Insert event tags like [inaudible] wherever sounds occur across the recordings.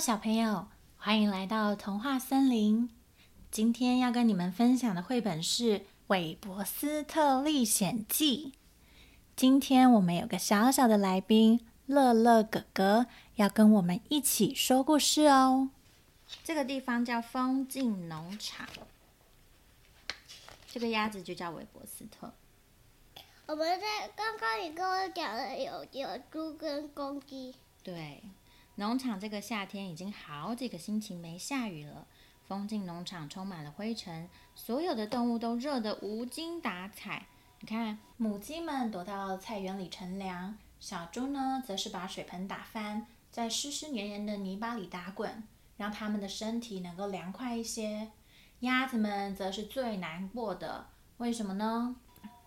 小朋友，歡迎來到童話森林。今天要跟你們分享的繪本是《韋伯斯特歷險記》。今天我們有個小小的來賓樂樂哥哥，要跟我們一起說故事哦。這個地方叫風境農場。這個鴨子就叫韋伯斯特。我們在，剛剛你跟我講了有有豬跟公雞。對。農場這個夏天已經好幾個星期沒下雨了，風境農場充滿了灰塵，所有的動物都熱得無精打采。你看，母雞們躲到菜園裡乘涼，小豬呢則是把水盆打翻，在濕濕黏黏的泥巴裡打滾，讓他們的身體能夠涼快一些。鴨子們則是最難過的，為什麼呢？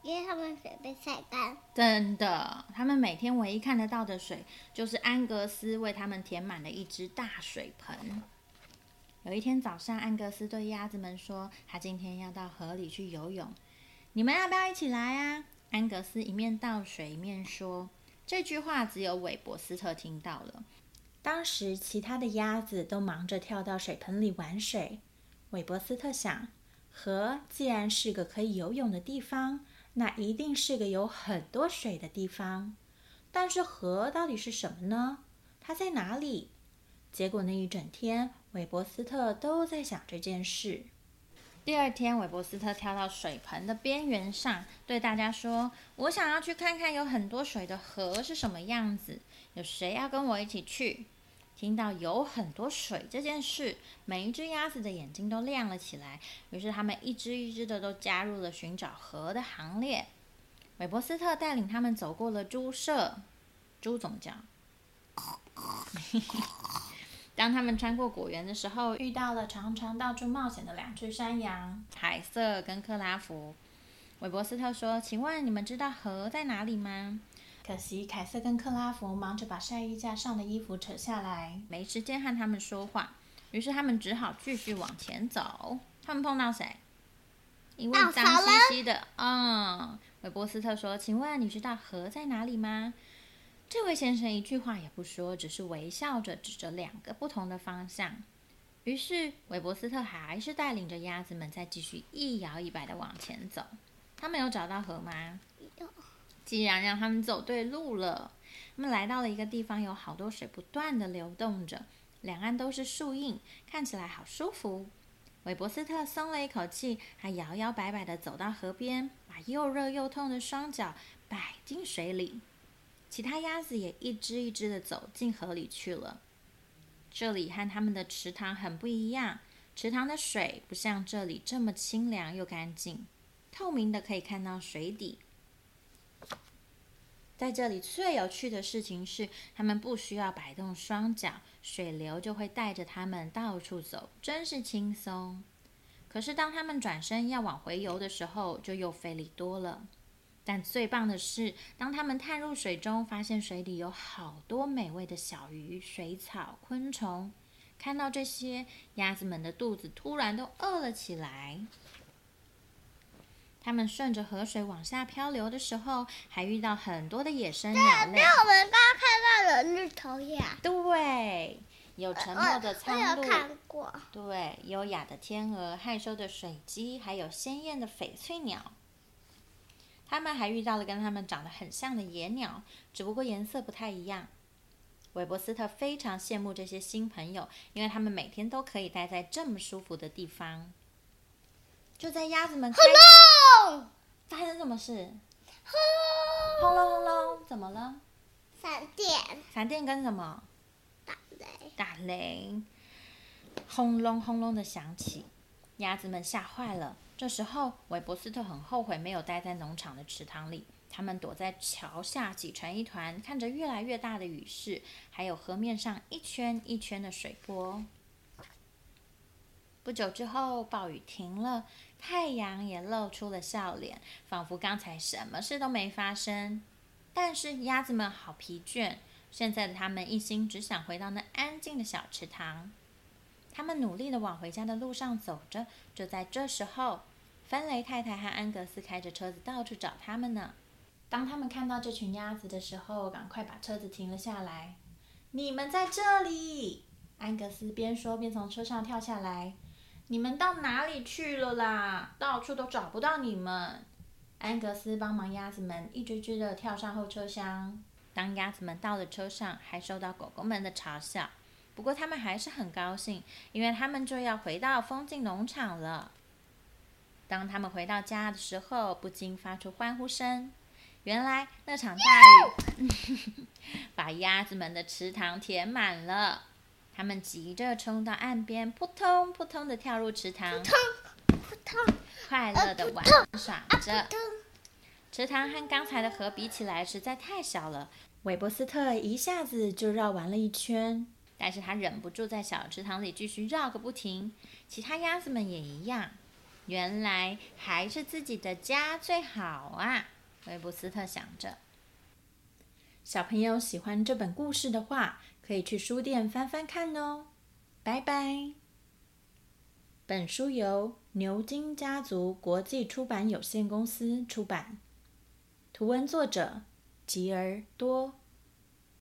因為他們水被曬乾，真的。他們每天唯一看得到的水，就是安格斯為他們填滿了一隻大水盆。有一天早上，安格斯對鴨子們說：“他今天要到河裡去游泳，你們要不要一起來啊？”安格斯一面倒水一面說，這句話只有韋伯斯特聽到了。當時，其他的鴨子都忙着跳到水盆裡玩水。韋伯斯特想：河既然是個可以游泳的地方。那一定是個有很多水的地方，但是河到底是什麼呢？它在哪裡？結果那一整天，韋伯斯特都在想這件事。第二天，韋伯斯特跳到水盆的邊緣上，對大家說：“我想要去看看有很多水的河是什麼樣子，有誰要跟我一起去？”聽到有很多水這件事，每一只鴨子的眼睛都亮了起來。於是，他們一只一只的都加入了尋找河的行列。韋伯斯特帶領他們走過了豬舍，豬總講 [laughs] 當他們穿過果園的時候，遇到了常常到處冒險的兩只山羊，海瑟跟克拉夫。韋伯斯特說：“請問你們知道河在哪裡嗎？”可惜，凱瑟跟克拉夫忙着把曬衣架上的衣服扯下來，沒時間和他們說話。於是他們只好繼續往前走。他們碰到誰？一位髒兮兮的。嗯、哦，韋伯斯特說：“請問你知道河在哪裡嗎？”這位先生一句話也不說，只是微笑着指着兩個不同的方向。於是韋伯斯特還是帶領着鴨子們再繼續一搖一擺地往前走。他們有找到河嗎？竟然讓他們走對路了。他們來到了一個地方，有好多水不斷的流動着，兩岸都是樹蔭，看起來好舒服。韋伯斯特鬆了一口氣，還搖搖擺擺的走到河邊，把又熱又痛的雙腳擺進水裡。其他鴨子也一隻一隻的走進河裡去了。這裡和他們的池塘很不一樣，池塘的水不像這裡這麼清涼又乾淨，透明的可以看到水底。在這裡最有趣的事情是，他們不需要擺動雙腳，水流就會帶着他們到處走，真是輕鬆。可是當他們轉身要往回游的時候，就又費力多了。但最棒的是，當他們探入水中，發現水裡有好多美味的小魚、水草、昆蟲，看到這些，鴨子們的肚子突然都餓了起來。他們順着河水往下漂流的時候，還遇到很多的野生鳥類。對，跟我們剛看到了綠頭鴨。對，有沉默的蒼鷺。哦，我有看過。對，優雅的天鵝，害羞的水雞，還有鮮豔的翡翠鳥。他們還遇到了跟他們長得很像的野鳥，只不過顏色不太一樣。韋伯斯特非常羨慕這些新朋友，因為他們每天都可以待在這麼舒服的地方。就在鴨子們，轟隆！發生什麼事？轟隆轟隆轟隆，怎麼了？閃電！閃電跟什麼？打雷！打雷！轟隆轟隆的響起，鴨子們嚇壞了。這時候，韋伯斯特很後悔沒有待在農場的池塘裡。他們躲在橋下擠成一團，看着越來越大的雨勢，還有河面上一圈一圈的水波。不久之後，暴雨停了，太陽也露出了笑臉，仿佛剛才什麼事都沒發生。但是鴨子們好疲倦，現在的他們一心只想回到那安靜的小池塘。他們努力地往回家的路上走着。就在這時候，芬雷太太和安格斯開着車子到處找他們呢。當他們看到這群鴨子的時候，趕快把車子停了下來。你們在這裡！安格斯邊說邊從車上跳下來。你們到哪裡去了啦？到處都找不到你們。安格斯幫忙鴨子們一隻隻的跳上後車廂。當鴨子們到了車上，還受到狗狗們的嘲笑。不過他們還是很高興，因為他們就要回到風境農場了。當他們回到家的時候，不禁發出歡呼聲。原來那場大雨 Yeah! [laughs] 把鴨子們的池塘填滿了。他們急着衝到岸邊，撲通撲通地跳入池塘，撲通撲通，撲通快樂地玩耍着。啊啊、池塘和剛才的河比起來實在太小了，韋伯斯特一下子就繞完了一圈，但是他忍不住在小池塘裡繼續繞個不停。其他鴨子們也一樣。原來還是自己的家最好啊！韋伯斯特想着。小朋友喜歡這本故事的話。可以去書店翻翻看哦，拜拜。本書由牛津家族國際出版有限公司出版，圖文作者吉兒．多。